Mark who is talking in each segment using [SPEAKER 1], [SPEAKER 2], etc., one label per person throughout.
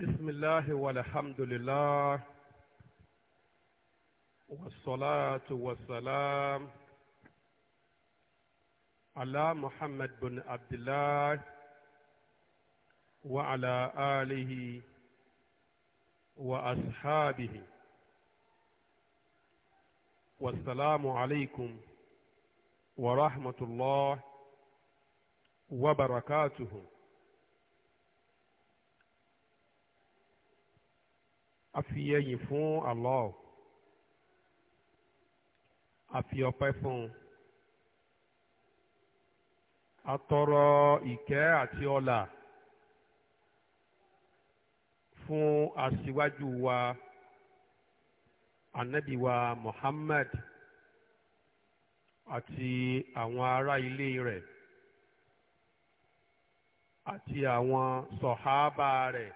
[SPEAKER 1] بسم الله والحمد لله والصلاة والسلام على محمد بن عبد الله وعلى آله وأصحابه والسلام عليكم ورحمة الله وبركاته a fi ẹyìn fún Allah a fi ọpẹ́ fún un a tọrọ àti ọlà fún aṣíwájú wa anabi wa Muhammad àti àwọn ará ilé rẹ̀ àti àwọn sọ̀hábà rẹ̀.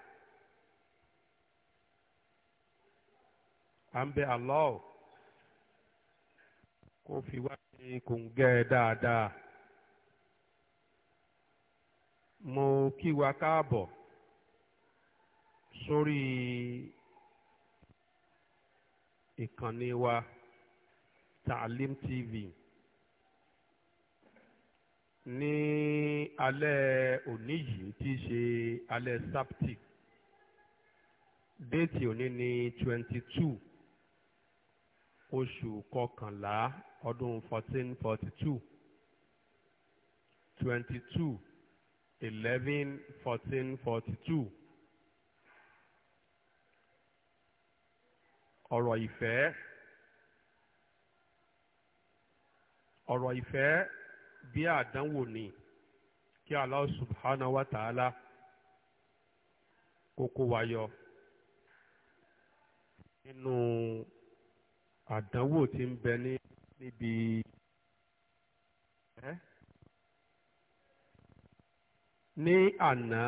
[SPEAKER 1] à ń bẹ Allah kó fi wá ní kòǹgẹ́ dáadáa mo kí wa káàbọ̀ sórí ìkànnì wa Ta'alim TV ní alẹ́ òní yìí tí í ṣe alẹ́ sáptì déètì òní ní twenty two oṣù kọkànlá ọdún fourteen forty two twenty two eleven fourteen forty two ọ̀rọ̀ ìfẹ́ ọ̀rọ̀ ìfẹ́ bí àdánwò ni kí Allah subhanahu wa ta'ala kókó wáyọ nínú. No àdánwò tí ń bẹ ní níbi ẹ́ ní àná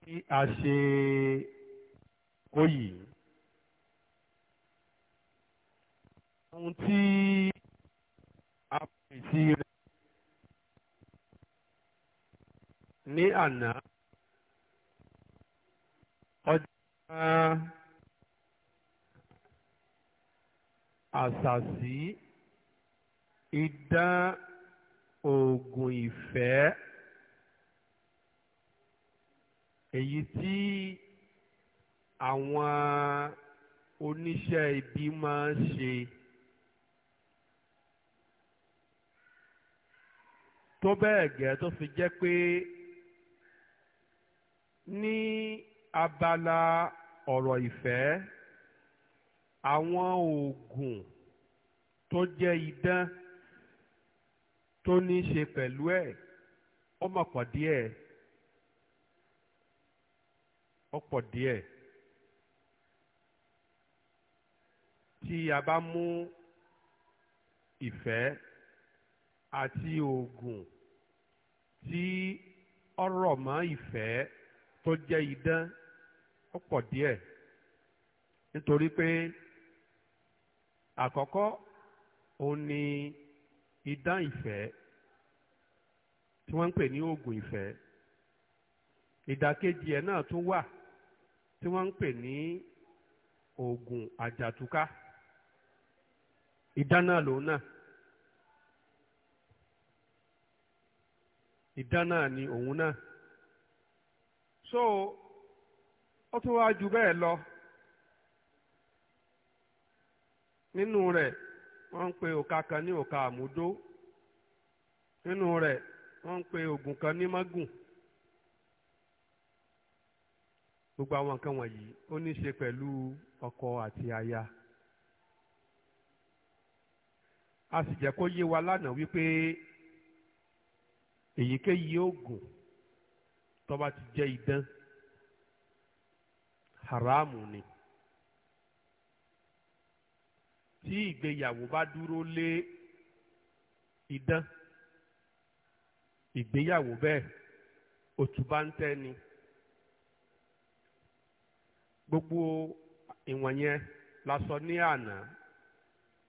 [SPEAKER 1] tí a ṣe oyì ohun tí a pèsè rẹ̀ ní àná ọjọ́ àṣàṣì idán oògùn ìfẹ́ èyí tí àwọn oníṣẹ́ ibi máa ń ṣe tó bẹ́ẹ̀ gẹ́ tó fi jẹ́ pé ní abala ọ̀rọ̀ ìfẹ́ àwọn oògùn tó jẹ́ idán tó ní í ṣe pẹ̀lú ẹ̀ ó mọ̀ pọ̀ díẹ̀ ó pọ̀ díẹ̀ tí a bá mú ìfẹ́ àti oògùn tí ọ̀rọ̀ mọ́ ìfẹ́ tó jẹ́ idán ó pọ̀ díẹ̀ nítorí pé. àkọ́kọ́ òun ni idán ìfẹ́ tí wọ́n ń pè ní oògùn ìfẹ́ ìdàkejì ẹ̀ náà tún wà tí wọ́n ń pè ní oògùn àjàtúká idán náà lòun náà idán ni òun náà so ó tún wá ju bẹ́ẹ̀ nínú rẹ̀ wọ́n ń pe òka kan ní òka àmúdó nínú rẹ̀ wọ́n ń pe ògùn kan ní mágùn gbogbo àwọn nǹkan wọ̀nyí ó ní í ṣe pẹ̀lú ọkọ àti aya a sì jẹ́ kó yé wa lánàá wípé èyíkéyìí oògùn tó bá ti jẹ́ idán haramu ni. tí ìgbéyàwó bá dúró lé idán ìgbéyàwó bẹ́ẹ̀ òtúbá ń tẹ́ ni gbogbo ìwọ̀n yẹn la sọ ní àná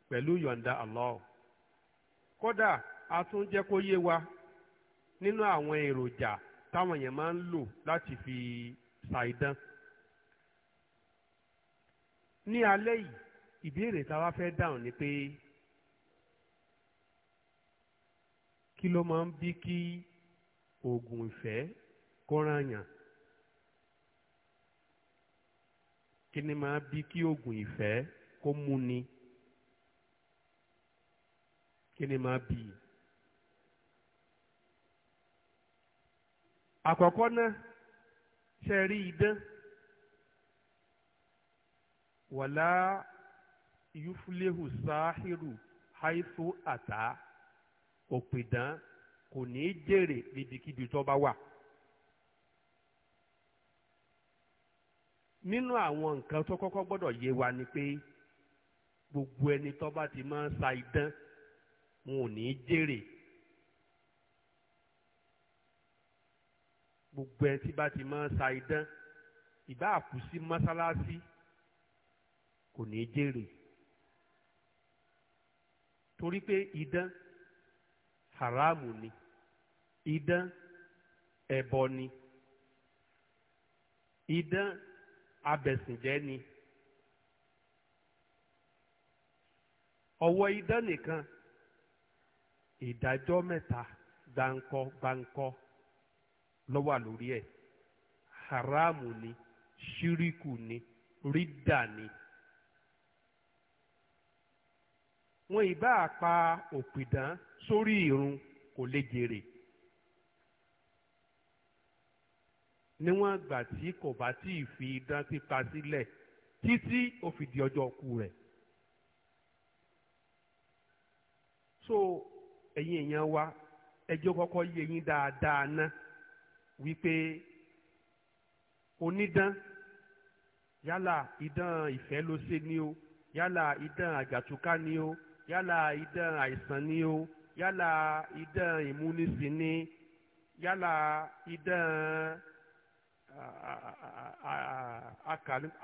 [SPEAKER 1] pẹ̀lú yọ̀ǹda Allah kódà a tún jẹ́ kó yé wa nínú àwọn èròjà táwọn yẹn máa ń lò láti fi ṣàìdán ní alẹ́ yìí ìbéèrè táwa fẹ́ dáhùn ni pé kí ló máa ń bí kí oògùn ìfẹ́ kó rányàn kí ni máa bí kí oògùn ìfẹ́ kó múni kí ni máa bí àkọ́kọ́ náà ṣe rí idán wàlá yufulehu sahiru haifu ata òpìdán kò ní í jèrè níbikíbi tó bá wà. nínú àwọn nǹkan tó kọ́kọ́ gbọ́dọ̀ yé wa ni pé gbogbo ẹni tó bá ti máa ń sa idán wọn ò ní í jèrè. gbogbo ẹni tí bá ti máa ń sa idán ìbá àkùsí mọ́sálásí kò ní í jèrè torí pé idán haramu ni idán ẹbọ ni idán abẹ̀sìnjẹ́ ni ọwọ́ idán nìkan ìdájọ́ mẹ́ta gbáǹkọ́ gbáǹkọ́ ló wà lórí ẹ̀ haramu ni ṣíríkù ni rídà ni. wọn ìbá pa òpìdán sórí ìrun kò lè jèrè níwọ̀n ìgbà tí kò bá tí ì fi idán pípa sílẹ̀ títí ó fi di ọjọ́ ku rẹ̀. so ẹ̀yin èèyàn wa ẹjọ́ kọ́kọ́ yé yín dáadáa ná wípé onídán yálà idán ìfẹ́ ló ṣe ni o yálà idán àjàtúká ni o yálà idán àìsàn ni o yálà idán ìmúnisìn ni yálà idán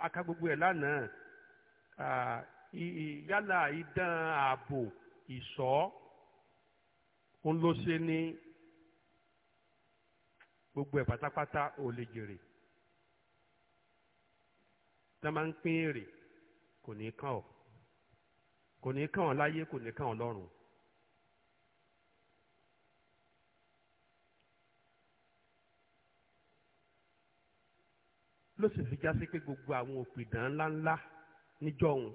[SPEAKER 1] aka gbogbo ẹ̀ lánàá yálà idán ààbò ìṣọ́ ń ló ṣe ní gbogbo ẹ̀ pátápátá ò lè jèrè tá a máa ń pín èrè kò ní kàn ọ́ kò ní kàn ọ́ láyé kò ní kàn ọ́ lọ́run. ló sì fi já sí pé gbogbo àwọn òpìdán ńláńlá níjọ́hun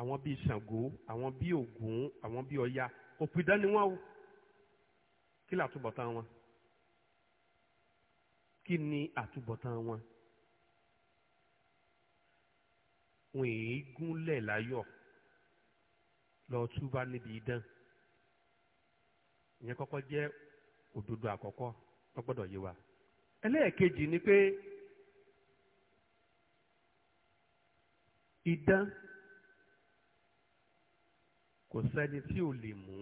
[SPEAKER 1] àwọn bíi Ṣàngó àwọn bíi Ògún àwọn bíi Ọya òpìdán ni wọ́n o kí ni àtúbọ̀tán wọn kí ni àtúbọ̀tán wọn wọn èé gúnlẹ̀ láyọ̀ lọ túbá níbi idán ìyẹn kọ́kọ́ jẹ́ òdodo àkọ́kọ́ tó gbọ́dọ̀ yé wa ẹlẹ́ẹ̀kejì ni pé idán kò sẹ́ni tí ò lè mú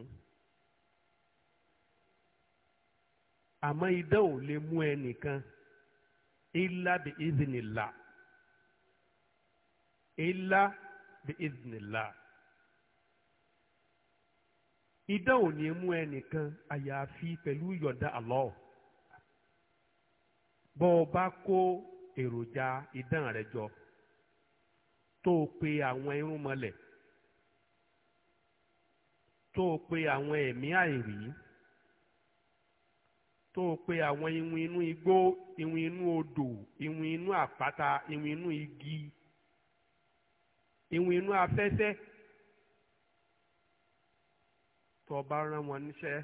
[SPEAKER 1] àmọ́ idán ò lè mú ẹnìkan ilá bi iznillah ilá bi iznillah. idán ò ní mú ẹnìkan àyàfi pẹ̀lú yọ̀ǹda Allah bọ́ ọ bá kó èròjà idán rẹ jọ tó o pe àwọn irúnmọlẹ̀ tó o pe àwọn ẹ̀mí àìrí tó o pe àwọn iwin inú igbó iwin inú odò iwin inú àpáta iwin inú igi iwin inú afẹ́fẹ́. tó o bá rán wọn níṣẹ́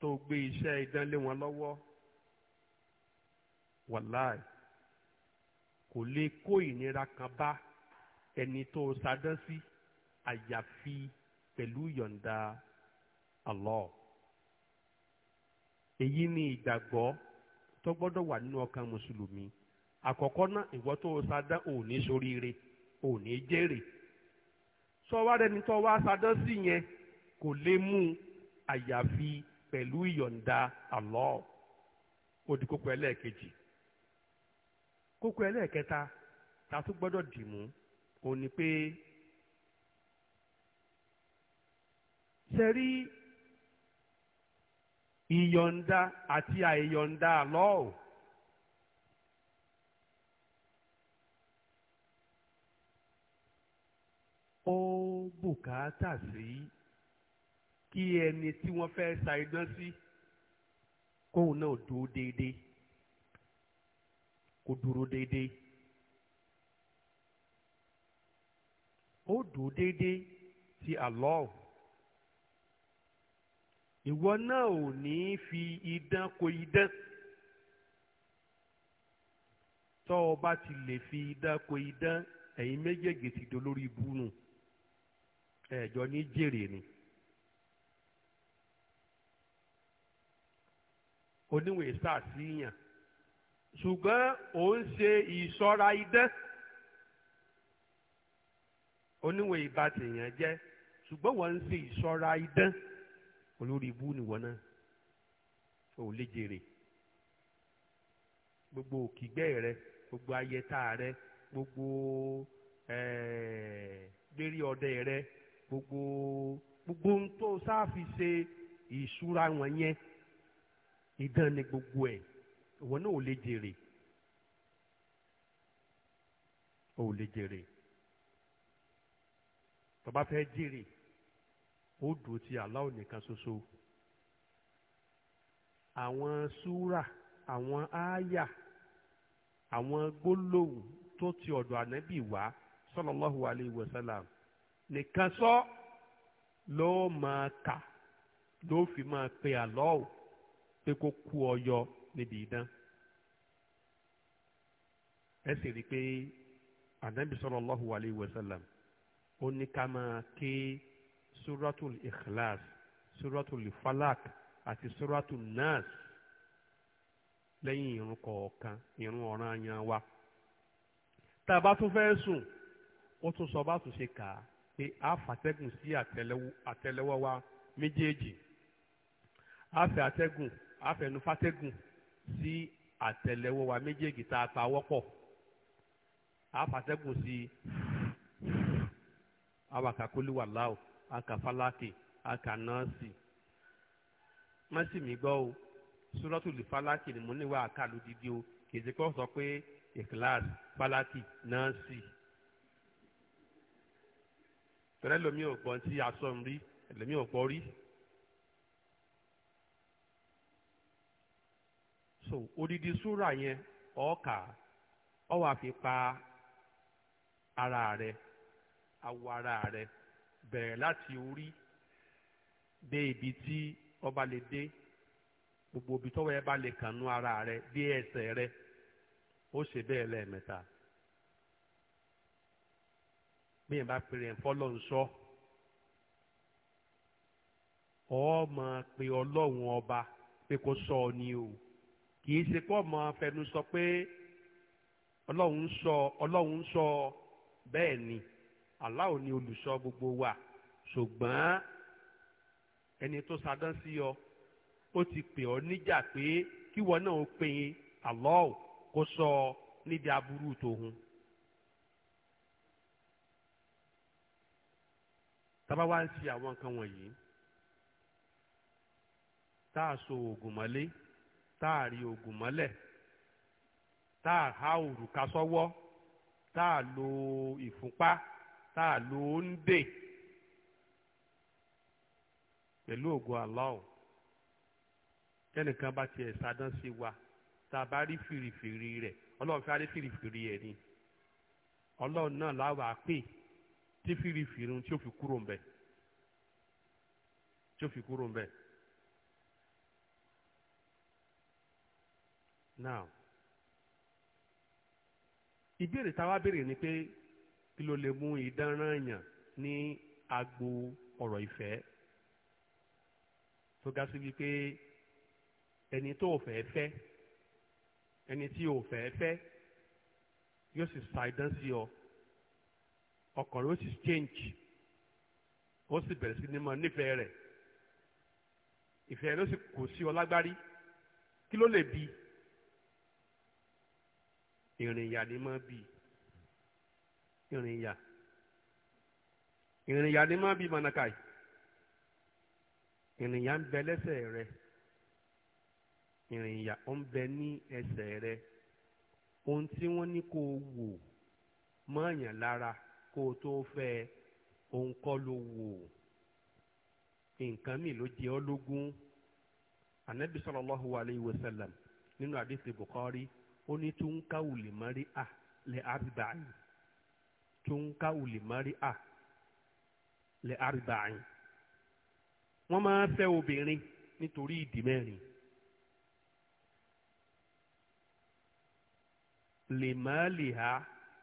[SPEAKER 1] tó o gbé iṣẹ idán wọn lọ́wọ́ wàláì kò lè kó ìnira kan bá ẹni tó sadán sí àyàfi pẹ̀lú yọ̀ǹda Allah èyí ni ìgbàgbọ́ tó gbọ́dọ̀ wà nínú ọkàn mùsùlùmí àkọ́kọ́ náà ìwọ tó o sadán òní ní ṣoríire tọ́wá rẹni tọ́wá sadọ́sì yẹn kò lè mú àyàfi pẹ̀lú ìyọ̀ǹda Allah ó di kókó ẹlẹ́ẹ̀kejì kókó ẹlẹ́ẹ̀kẹta ta tún gbọ́dọ̀ dì mú ni pé sẹ́rí ìyọ̀ǹda àti àìyọ̀ǹda o ó bùkátà sí kí ẹni tí wọ́n fẹ́ sa idán sí kóun náà dúró déédéé kó dúró déédéé ó dúró déédéé ti Allah ìwọ náà ò ní fi idán ko idán tọ́ ọ bá ti lè fi idán kó idán ẹ̀yin méjèèjì ti dolórí ibú nù. ẹjọ ní jèrè ni. oníwèé sàṣìyàn ṣùgbọ́n ò ń ṣe ìṣọ́ra idán oníwèé ìbá tèèyàn jẹ́ ṣùgbọ́n wọ́n ń ṣe ìṣọ́ra idán olórí ibú nìwọ náà ò lè jèrè gbogbo òkìgbẹ́ rẹ gbogbo ayẹta rẹ gbogbo ẹ̀ẹ́dẹ́rì ọdẹ rẹ gbogbo gbogbo ń tó sáfi ṣe ìṣúra wọn yẹn ìdán ni gbogbo ẹ̀ ìwọ náà ò lè jèrè ò lè jèrè tó bá fẹ́ jèrè ó dùn ti Allah nìkan ṣoṣo àwọn súrà àwọn ááyà àwọn gbólóhùn tó ti ọ̀dọ̀ ànábì wá sallallahu alayhi wa sallam nìkan sọ ló máa kà ló fi máa pe àlọ́ ò pé kó kú ọyọ níbi idán ẹ sì rí i pé anabi sallallahu alayhi wa sallam ó ní ká máa ké suratul ikhlas suratul falak àti suratul nas lẹ́yìn irun kọ̀ọ̀kan irun ọ̀ranyàn wa tá a bá tún fẹ́ sùn ó tún sọ bá tún ṣe kà pé a fàtẹ́gùn sí àtẹ́lẹwọ́ wa méjèèjì a fẹ́ àtẹ́gùn a fẹ́nu fàtẹ́gùn sí àtẹ́lẹwọ́ wa méjèèjì tá a pa wọ́pọ̀ a fàtẹ́gùn sí awàkàkólúwàláò akàfálákì akànáàsì má sì mí gbọ́ o sùrọ́tùlì fálákì ni mo níwà àkàlù dídí o kì í ṣe kó sọ pé ìkìláàsì fálákì náà tere ẹlòmíì ò gbọ́n tí aṣọ ń rí ẹlòmíì ò gbọ́ rí. so odidi súrà yẹn ọ̀ọ́kà ọ̀ fi pa ara rẹ awọ ara rẹ bẹ̀rẹ̀ láti orí dé ibi tí ọba lè dé gbogbo ibi tọ́wọ́ ẹ bá lè kànú ara rẹ dé ẹsẹ̀ rẹ̀ ó ṣe bẹ́ẹ̀ lẹ́ẹ̀mẹ́ta. bẹ́ẹ̀ bá pèrè fọ́lọ́ ń sọ ọ máa pe ọlọ́run ọba pé kó sọ ọ ni o kì í ṣe pé ọmọ afẹnu sọ pé ọlọ́run ń sọ ọlọ́run ń sọ bẹ́ẹ̀ ni aláwo ni olùsọ gbogbo wa ṣùgbọ́n ẹni tó sadán sí ọ ó ti pè ọ níjà pé kíwọ náà ó pe Allah kó sọ ọ níbi aburú tòun. tábà wá ń ṣe àwọn nǹkan wọ̀nyí tá a so oògùn mọ́lé tá a rí oògùn mọ́lẹ̀ tá a há òrùka sọ́wọ́ tá a lo ìfúnpá tá a lo òǹdè pẹ̀lú ògo Allah kẹ́nìkan bá tiẹ̀ sadán sí wa tá a bá rí fìrìfìrì rẹ̀ ọlọ́run fẹ́ rí fìrìfìrì ẹ̀ ni ọlọ́run náà láwàá pè é tí fìrìfìrì tí ó fi kúrò ń bẹ tí ó fi kúrò ń bẹ. now ìbéèrè táwa béèrè ni pé kí ló lè mú ìdánràn yàn ní agbo ọ̀rọ̀ ìfẹ́ tó ga sí wípé ẹni tó fẹ́ fẹ́ ẹni tí ò fẹ́ fẹ́ yóò sì sa idán sí ọ ọkàn rẹ̀ ó sì change ó sì bẹ̀rẹ̀ sí ní mọ nífẹ̀ẹ́ rẹ̀ ìfẹ́ ló sì kò sí ọ lágbárí kí ló lè bí ìrìnyà ni mọ́ bí ìrìnyà ìrìnyà ni mọ́ bí mọ̀nàkàì ìrìnyà ń bẹ lẹ́sẹ̀ rẹ ìrìnyà ó ń bẹ ní ẹsẹ̀ rẹ ohun tí wọ́n ní kó o wò mọ́ lára kó o tó fẹ́ òun kọ́ ló wò nǹkan mi ló jẹ ọ́ lógún anabi sallallahu alayhi wa sallam nínú àdìsí Bukhari ó ní tún káwùlì mọ́rí à lẹ́ àrìbáyìn tún káwùlì mọ́rí à lẹ́ àrìbáyìn wọ́n máa ń obìnrin nítorí ìdí mẹ́rin lèmọ́lìhà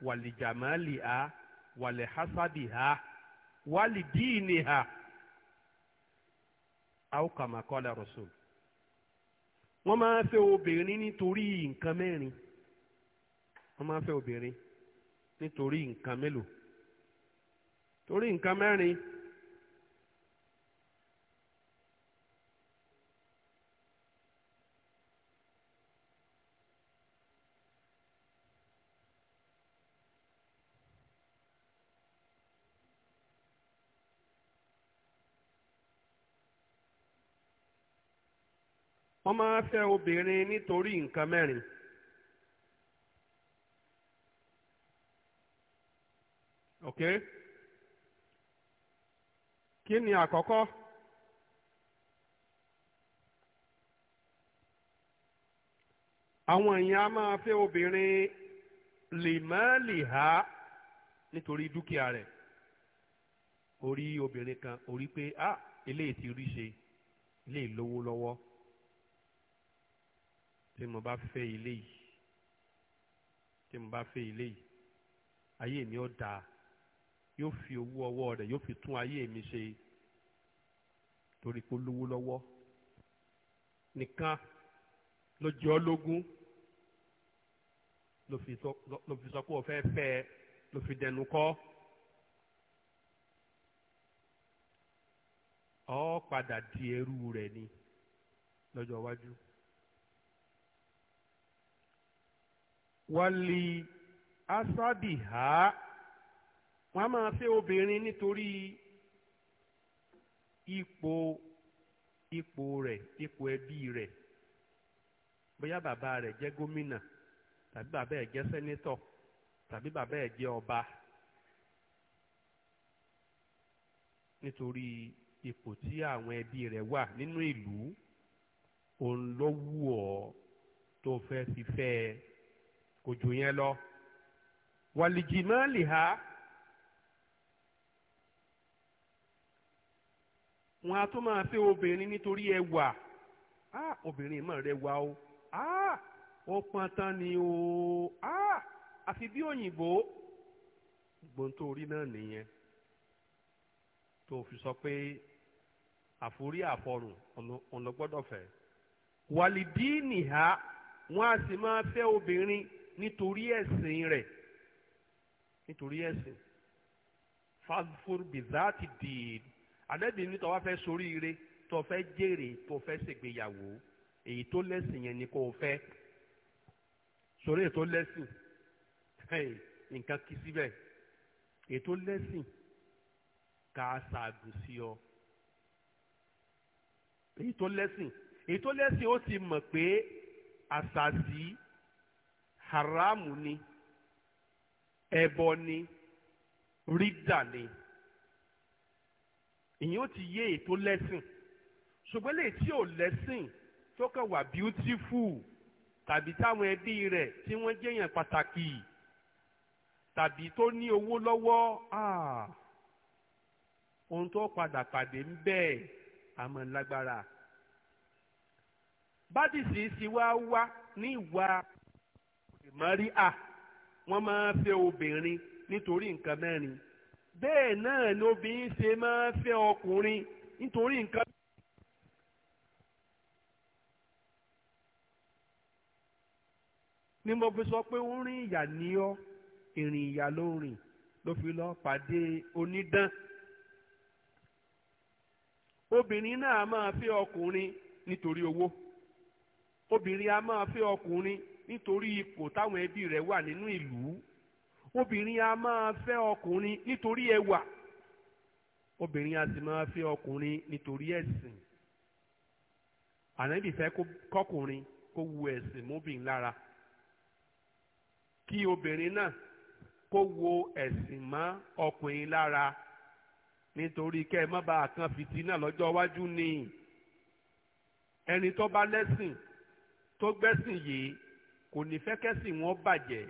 [SPEAKER 1] wàlìjàmọ́lìhà wàlẹ̀ hasadi ha wàlì díìnì ha àwòkàmàkọ́lá rasul wọ́n máa ń fẹ́ obìnrin nítorí nǹkan mẹ́rin wọ́n máa fẹ́ obìnrin nítorí nǹkan mélòó torí nǹkan mẹ́rin. wọ́n máa fẹ́ obìnrin nítorí nǹkan mẹ́rin. ok kí ni àkọ́kọ́ àwọn èèyàn á máa fẹ́ obìnrin ha nítorí dúkìá rẹ̀ orí obìnrin kan orí pé ah eléyìí ti rí ṣe eléyìí lówó lọ́wọ́. Lo tí mo bá fẹ́ ilé yìí tí mo bá fẹ́ ilé yìí ayé mi ó dáa yóò fi owó ọwọ́ rẹ̀ yóò fi tún ayé mi ṣe torí pé ó lówó lọ́wọ́ nìkan ló jẹ́ ọ́ lógún ló fi sọ pé ó fẹ́ fẹ́ ló fi dẹnu kọ́ ọ padà di ẹrú rẹ̀ ni lọ́jọ́ iwájú. Wali asábì há wọ́n máa fẹ́ obìnrin nítorí ipò ipò rẹ̀ ipò ẹbí rẹ bóyá bàbá rẹ jẹ gómìnà tàbí bàbá ẹ̀ jẹ́ sẹ́nítọ̀ tàbí bàbá ẹ̀ jẹ́ ọba nítorí ipò tí àwọn ẹbí rẹ wà nínú ìlú òun ló wù tó fẹ́ fi fẹ́ ẹ. kò jù yẹn lọ wàlìjìmọ́lì ha wọn a tún máa fẹ́ obìnrin nítorí ẹwà ah obìnrin mọ̀ rẹwà o ah ó pọn ni o ah àfi bí òyìnbó gbóntórí náà nìyẹn tó fi sọ pé àforí àfọrùn ọ̀nà gbọ́dọ̀ fẹ́ wàlìdí nìha wọn a sì máa fẹ́ obìnrin nítorí ẹ̀sìn rẹ̀ nítorí ẹ̀sìn fáfúr bìzáàtì dìín àdẹ́bí ní tó wá fẹ́ soríire tó fẹ́ jèrè tó fẹ́ ṣègbéyàwó èyí tó lẹ́sìn yẹn ni kò fẹ́ sórí èyí tó lẹ́sìn nǹkan kí síbẹ̀ èyí tó lẹ́sìn ká ṣàgùn sí ọ èyí tó lẹ́sìn èyí tó lẹ́sìn ó ti mọ̀ pé àṣàṣì haramu ni ẹbọ ni rídà ni ìyẹn ó ti yé ètò lẹ́sìn ṣùgbọ́n lè tí ò lẹ́sìn tó kàn wà beautiful tàbí táwọn ẹbí rẹ̀ tí wọ́n jẹ́yàn pàtàkì tàbí tó ní owó lọ́wọ́ ah! ohun tó padà pàdé ń bẹ́ẹ̀ àmọ́ lágbára bádìsí sì wá wá ní ìwà mariya wọ́n máa ń fẹ́ obìnrin nítorí nǹkan mẹ́rin bẹ́ẹ̀ náà ni obìnrin ṣe máa ń fẹ́ ọkùnrin nítorí nǹkan. ni mo fi sọ pé ó rìn ìyà ní ọ ìrìn ìyà ló rìn ló fi lọ pàdé onídán obìnrin náà máa fẹ́ ọkùnrin nítorí owó obìnrin a máa fẹ́ ọkùnrin nítorí ipò táwọn ẹbí rẹ̀ wà nínú ìlú obìnrin a máa fẹ́ ọkùnrin nítorí ẹwà obìnrin a sì máa fẹ́ ọkùnrin nítorí ẹ̀sìn ànábì fẹ́ kọkùnrin kó wu ẹ̀sìn móbìn lára kí obìnrin náà kó wo ẹ̀sìn mọ́ ọkùnrin lára nítorí kẹ́ má bàa kan fìtínà lọ́jọ́ iwájú ni ẹni tó bá lẹ́sìn tó gbẹ́sìn yìí kò ní fẹ́ kẹ́sìn wọn bàjẹ́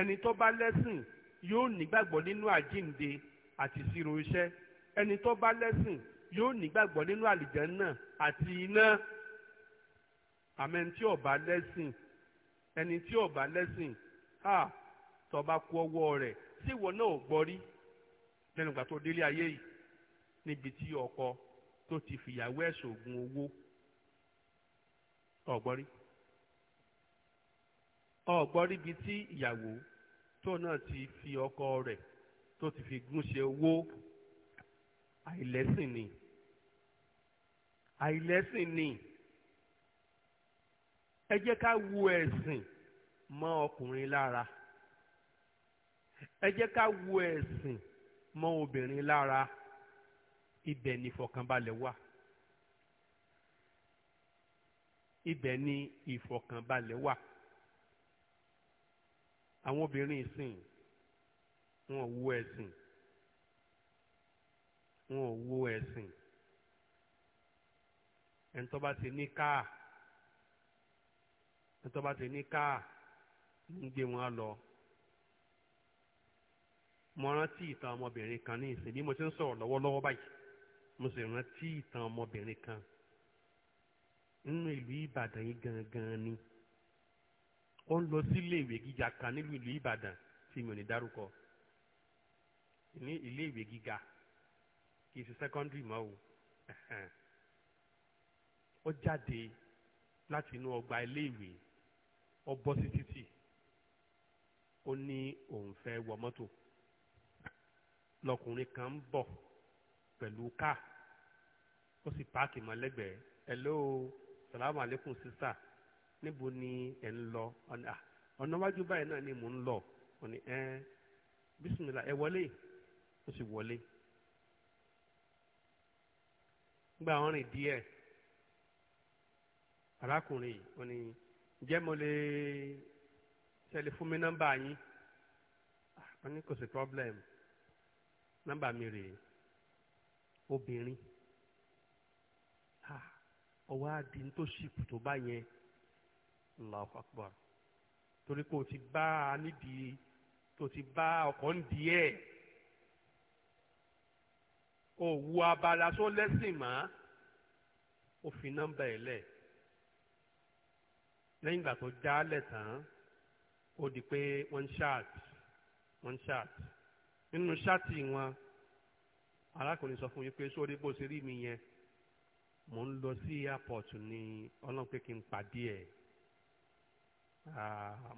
[SPEAKER 1] ẹni tó bá lẹ́sìn yóò nígbàgbọ́ nínú àjíǹde àti ìṣirò iṣẹ́ ẹni tó bá lẹ́sìn yóò nígbàgbọ́ nínú àlìjẹ́nà àti iná àmẹ́ni tí ò lẹ́sìn ẹni tí ò lẹ́sìn ha tó bá kú ọwọ́ rẹ̀ sí ìwọ náà ò gbọ́ rí lẹ́nu ìgbà tó délé ayé yìí níbi tí ọkọ tó ti fìyàwó ẹ̀ ṣògùn owó ọ̀gbọ́n rí ọ̀gbọ́n ríbi tí ìyàwó tó náà ti fi ọkọ rẹ̀ tó ti fi gúnṣe owó àìlẹ́sìn ni àìlẹ́sìn ni ẹ jẹ́ ká wu ẹ̀sìn mọ́ ọkùnrin lára ẹ jẹ́ ká wu ẹ̀sìn mọ́ obìnrin lára ibẹ̀ ni ìfọ̀kànbalẹ̀ wà ibẹ̀ ni ìfọ̀kànbalẹ̀ wà àwọn obìnrin ìsìn wọn ò wo ẹ̀sìn wọn ò wo ẹ̀sìn ẹni tó bá ti ní káà ẹni tó bá ti ní káà ń gbé wọn lọ mo rántí ìtàn ọmọbìnrin kan ní ìsìn bí mo ti ń sọ̀rọ̀ lọ́wọ́lọ́wọ́ báyìí mo sì rántí ìtàn ọmọbìnrin kan nínú ìlú Ìbàdàn yìí gangan ni ó ń lọ sílé ìwé gíga kan nílùú ìlú Ìbàdàn tí mi ò ní dárúkọ ní ilé ìwé gíga kì í ṣe secondary mọ́ o ó jáde láti inú ọgbà ilé ìwé ó bọ́ sí títì ó ní òun fẹ́ wọ mọ́tò lọkùnrin kan ń bọ̀ pẹ̀lú káà ó sì páàkì mọ́ lẹ́gbẹ̀ẹ́ hello salamu aleykum sista níbo ni ẹ̀ ń lọ ọ̀nà wájú báyìí náà ni mò ń lọ ọ̀ ní ẹ bísímìlà ẹ wọlé ó sì wọlé gba àwọn rìn díẹ̀ arákùnrin yìí ó ní ǹjẹ́ mo lè ṣẹlẹ nọ́mbà yín ó ní kò sí problem nọ́mbà mi rèé obìnrin ọwọ́ àdín tó ṣìpù tó bá yẹn. Allahu Akbar torí pé o ti bá a nídìí tó ti bá ọkọ̀ nídìí ẹ̀ o wu abala tó lẹ́sìn mọ́ o fi nọ́mbà ẹ̀ lẹ̀ lẹ́yìn ìgbà tó já lẹ̀ tán ó di pé wọ́n ń ṣáàtì wọ́n ń ṣáàtì nínú ṣáàtì wọn arákùnrin sọ fún yín pé sórí bó ṣe rí mi yẹn mò ń lọ sí airport ní ọlọ́pẹ́ kí n pàdé ẹ̀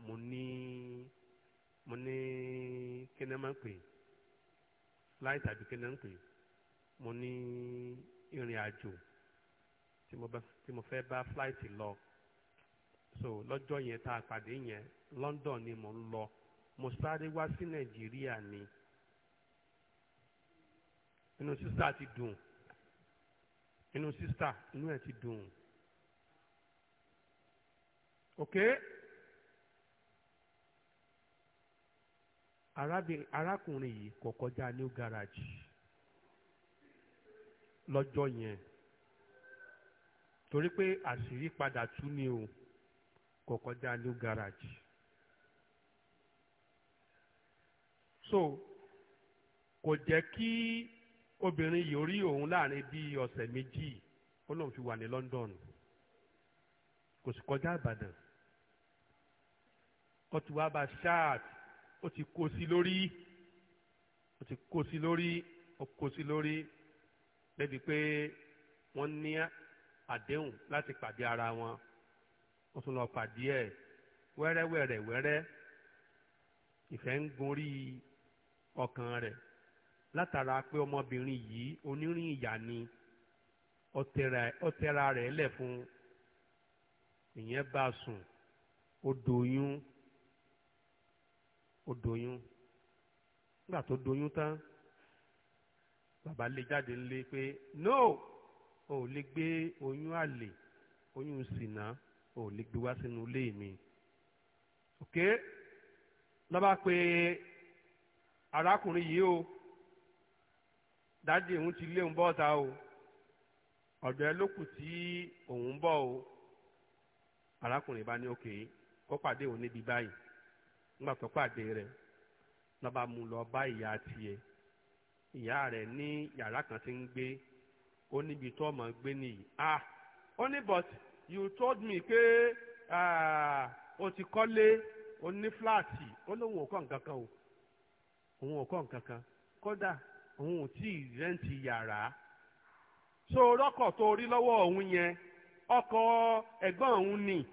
[SPEAKER 1] mo ní mo ní kíni pè flight tàbí kíni ń pè mo ní ìrìn àjò tí mo fẹ́ bá flight lọ so lọ́jọ́ yẹn tá a pàdé yẹn London ni mo ń lọ mo sáré wá sí Nàìjíríà ni inú sísá ti dùn inú sísá inú ẹ̀ ti dùn ok. arákùnrin yìí kò kọjá new garage lọ́jọ́ yẹn torí pé àṣírí padà tú ni o kò kọjá new garage so kò jẹ́ kí obìnrin yìí rí òun láàrin bíi ọ̀sẹ̀ méjì ó lóun fi wà ní London kò sì kọjá Ìbàdàn ó ti bá ṣáàtì ó ti kó sí lórí ó ti kó sí lórí ó kó sí lórí débi pé wọ́n ní àdéhùn láti pàdé ara wọn wọ́n tún lọ pàdé ẹ̀ wẹ́rẹ́wẹ́rẹ́ wẹ́rẹ́ ìfẹ́ ń gorí ọkàn rẹ̀ látara pé ọmọbìnrin yìí onírìn ìyà ni ó tẹra rẹ̀ lẹ̀ fún ìyẹn bá sùn ó doyún ó doyún nígbà tó doyún tán bàbá lé jáde ńlé pé no o lè gbé oyún àlè oyún ṣìnà ò lè gbé wá sínú ilé mi ok lọ́ba pé arákùnrin yìí o dájú òun ti lé òun bọ́ta o ọ̀dọ̀ ẹ ló kù tí òun bọ̀ o arákùnrin bá ní òkè kó pàdé òun níbi báyìí nígbà pàdé rẹ̀ lọ́ba mú lọ bá ìyá tiẹ̀ ìyá rẹ̀ ní kan ti ń gbé ó níbi tó ọmọ gbé nìyí ah ó but you told me pé o ti kọ́lé ó ní fúláàtì ó lóun ò kọ́ nǹkan kan o òun ò kọ́ nǹkan kan kódà òun so rọ́kọ̀ tó rí lọ́wọ́ òun yẹn ọkọ̀ ẹ̀gbọ́n ni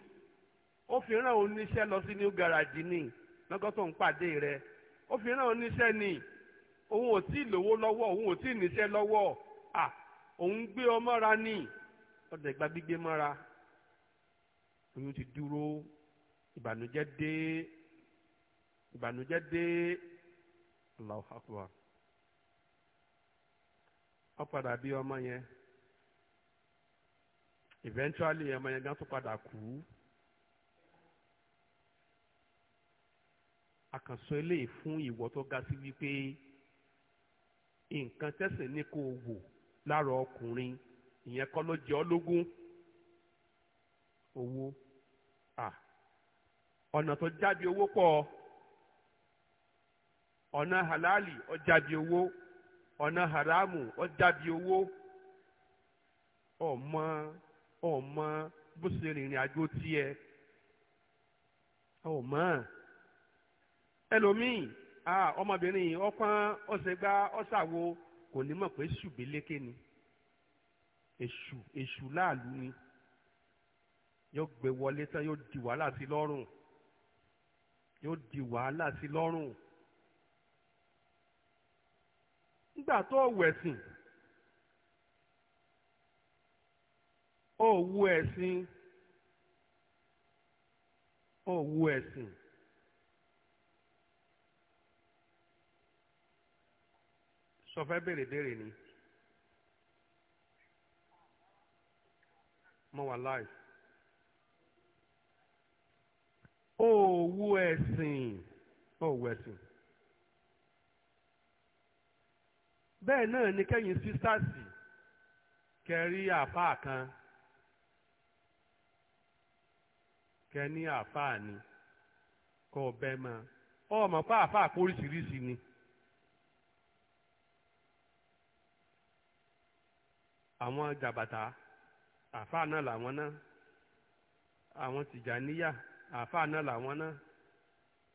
[SPEAKER 1] ó fi new garage ni lọ́gọ́ tó ń pàdé rẹ ó fi rán ni òun ò tí ì lówó lọ́wọ́ òun ò tí ì níṣẹ́ lọ́wọ́ à gbé ọ ni ọ̀dẹ̀ gbígbé mọ́ra oyún ti dúró ìbànújẹ́ dé ìbànújẹ́ àkànṣọ eléyìí fún ìwọ tó ga sí wípé nǹkan tẹ̀sìn ní kò wò lára ọkùnrin ìyẹn kọ́ ló jẹ́ ọ owó ọ̀nà tó jáde owó pọ̀ ọ̀nà halali ó jáde owó ọ̀nà haramu ó jáde owó ọmọ ọmọ bó ṣe rìnrìn àjò tiẹ̀ ọmọ. Oh, ẹlòmíì ọmọbìnrin yìí ọpọ́n ọ̀sẹ̀gbá ọ̀sàwo kò ní mọ̀ pé ṣùgbélékè ni èṣù èṣù láàlú ni yóò gbé wọlé tán yóò di wàhálà sí lọ́rùn yóò di wàhálà sí lọ́rùn nígbà tó wẹ̀sìn ó wu ẹ̀sìn ó wu ẹ̀sìn. sọ fẹ́ béèrè béèrè ni mo wà láì òwú ẹ̀sìn òwú ẹ̀sìn bẹ́ẹ̀ náà ni kẹ́yìn sísàsì kẹrí àáfàá kan kẹ ní àáfàá ni kọ bẹ́ẹ̀ máa ọmọ pa àáfàá póríṣiríṣi ni. àwọn jàbàtà àfáà náà làwọn náà àwọn tìjàníyà àfáà náà làwọn náà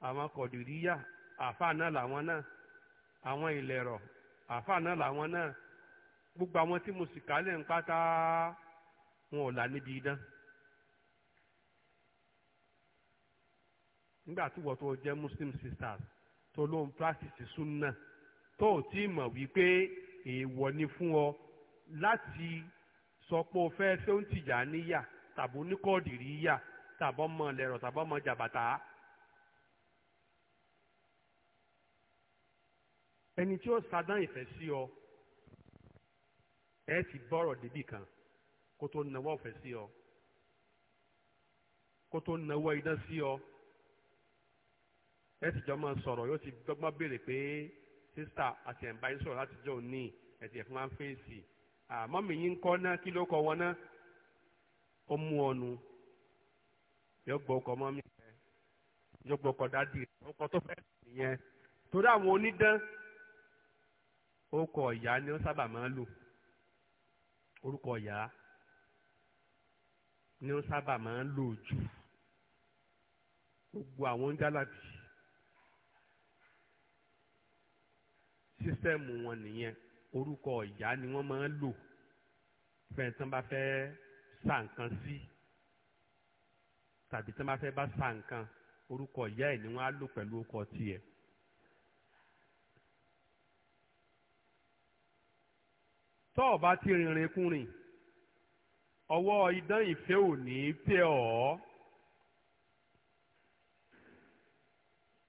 [SPEAKER 1] àwọn kọ̀dùríyà àfáà náà làwọn náà àwọn ìlẹ̀rọ̀ àfáà náà làwọn náà gbogbo àwọn tí mo sì kálẹ̀ ń pátá wọn ò là níbi idán. nígbà tí wọ́n tó jẹ́ muslim sisters tó ló ń practice sunna tó ò tí ì mọ̀ wípé èèwọ̀ ni fún ọ láti sọ pé o fẹ́ ṣé ó ń tìjà níyà tàbí oníkọ́ọ̀dìrí yà tàbí ọmọ lẹ́rọ̀ tàbí ọmọ jàbàtà. ẹni tí ó sadán ìfẹ́ sí ọ ẹ ti bọ́rọ̀ débì kan kó tó nawọ́ ọ̀fẹ́ sí ọ kó tó nawọ́ idán sí ọ ẹ sì jọ máa sọ̀rọ̀ yóò ti dọ́gbọ́n béèrè pé sísà àti ẹ̀ ń bá yín sọ̀rọ̀ láti jọ òní ẹ̀ ti ẹ̀ fún wa ń fèsì àmọ́ mi yín kọ́ ná kí ló kọ́ wọn ná ó mú ọnu yóò gbọ́ ọkọ̀ mọ́ mi rẹ̀ yóò gbọ́ ọkọ̀ dádì rẹ̀ ọkọ̀ tó fẹ́ nìyẹn torí àwọn onídán orúkọ ọ̀yá ni wọ́n sábà máa ń lò orúkọ ọ̀yá ni wọ́n sábà máa ń lò jù gbogbo àwọn jálàbí sísẹ́ẹ̀mù wọn nìyẹn orúkọ ìyá ni wọ́n máa ń lò fẹ́ẹ́ tán bá fẹ́ sa nǹkan sí tàbí tán bá fẹ́ bá sa nǹkan orúkọ ìyá ẹ̀ ni wọ́n á lò pẹ̀lú ọkọ tiẹ̀. tọ́ ọ bá ti rìnrìn kúrìn ọwọ́ idán ìfẹ́ ò ní tẹ ọ́.